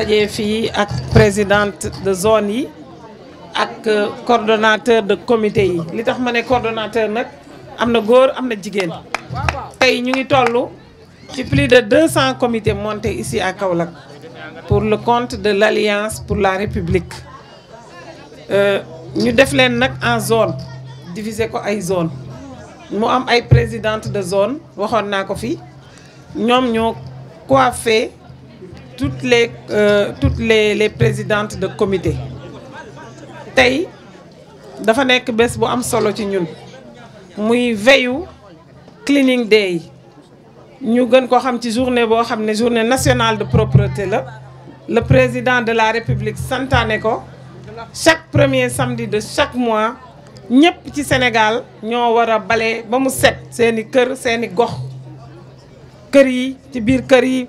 ici avec la présidente de zone et euh, le coordonnateur de comité Ce li tax coordonnateur c'est am na et ñu ngi plus de 200 comités montés ici à Kaolack pour le compte de l'Alliance pour la République Nous euh, def leen en zone divisé en ay zone mu am ay présidente de zone je l'ai ko fi Nous ñoo coiffé toutes les euh, toutes les les présidentes de comité Tay, dafa besbo bu am solo ci ñun muy veyu cleaning day ñu gën ko xam ci journée bo xamné journée nationale de propreté la le président de la république santaane ko chaque premier samedi de chaque mois ñepp ci Sénégal ño wara a ba mu set seeni kër seeni gox kër yi ci biir kër yi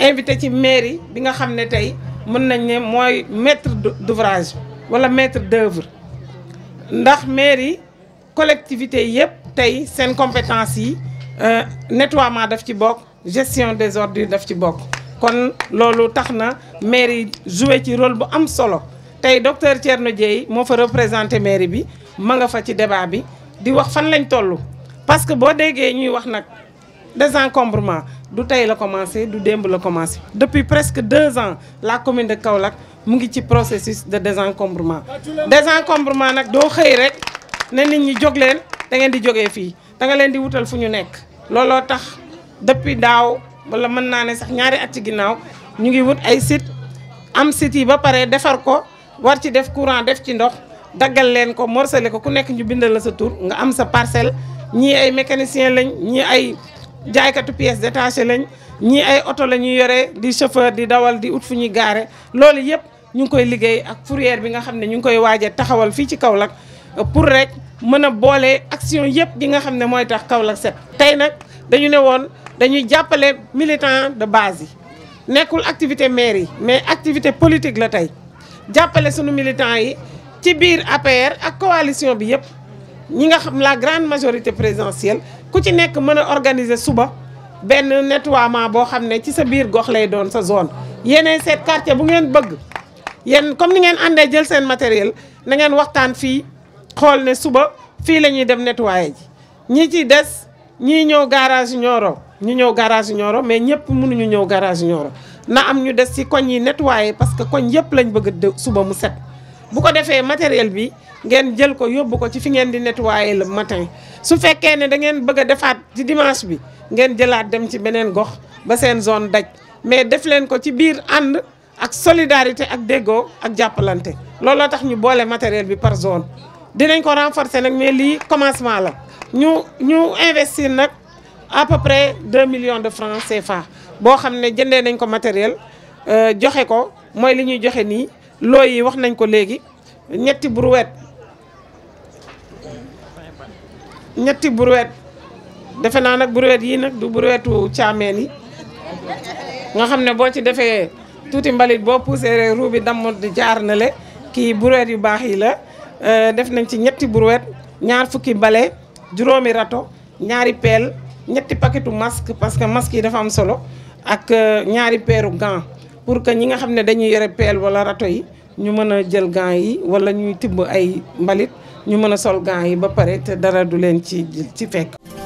invité ci mairie bi nga xamné tay mën nañ né moy maître d'ouvrage wala maître d'œuvre ndax mairie collectivité yépp tay sen compétence yi euh, nettoyage daf ci bok, gestion des ordures daf ci bok kon lolu taxna mairie jouer ci rôle bu am solo tay docteur Tierno Dieye mo fa représenter mairie bi ma nga fa ci débat bi di wax fan lañ tollu parce que bo déggee ñuy wax nag désencombrement du tay la commencé du demb la commencé depuis presque deux ans la commune de Kaolack mu ngi ci processus de désencombrement désencombrement nak do xey rek ne nit ñi jog leen da ngeen di joggé fi da nga leen di wutal fu ñu nekk lolo tax depuis daw, wala mën na né sax ñaari at ci ñu ngi wut ay site am site yi ba pare défar ko war ci def courant def ci ndox daggal leen ko morcelé ko ku nekk ñu bindal la sa tour nga am sa parcelle ñi ay mécanicien lañ ñi ay jaaykatu de détachées lañ ñii ay oto la ñuy yore di chauffeur di dawal di ut fu ñuy gaare loolu yëpp ñu ngi koy liggéey ak fourrière bi nga xam ne ñu ngi koy waajee taxawal fii ci Kaolack pour rek mën a boole action yëpp di nga xam ne mooy tax Kaolack set. tey nag dañu ne woon dañuy jàppale militant de base yi nekkul activité maire yi mais activité politique la tey jàppale sunu militant yi ci biir APR ak coalition bi yëpp ñi nga xam la grande majorité présidentielle. ku ci nekk mën a organiser suba benn nettoiement boo xam ne ci sa biir gox lay doon sa zone yéenay seet quartier bu ngeen bëgg yen comme ni ngeen àndee jël seen matériel na ngeen waxtaan fii xool ne suba fii la ñuy dem nettoyer ji ñi ciy des ñii ñëw garage Nioro ñu ñëw garage Nioro mais ñëpp mënuñu ñëw garage Nioro na am ñu des ci koñ yi nettoyer parce que koñ yëpp lañ bëgg suba mu set bu ko defee matériel bi ngeen jël ko yóbbu ko ci fi di nettoyer le matin su fekkee ne da ngeen bëgg a ci dimanche bi ngeen jëlaat dem ci benen gox ba seen zone daj mais def ko ci bir and ak solidarité ak déggoo ak jàppalante looloo tax ñu boole matériel bi par zone dinañ ko renforcer nag mais lii commencement la ñu ñu investir à peu près 2 millions de francs CFA boo xam ne jëndee nañ ko matériel euh, joxe ko mooy li ñuy joxe looy yi wax nañ ko léegi ñetti brouette ñetti brouette defe naa nag brouette yii nag du brouettu yi nga xam ne boo ci defee tuuti mbalit boo poussé roue bi damm jaar na le kii brouette yu baax yi la euh, def nañ ci ñetti brouette ñaar fukki bale juróomi rato ñaari peel ñetti paquetu masque parce que masque yi dafa am solo ak euh, ñaari peeru gant pour que ñi nga xam ne dañuy yore peel wala rato yi ñu mën a jël gants yi wala ñuy tibb ay mbalit ñu mën a sol gaa yi ba pare te dara du leen ci ci fekk.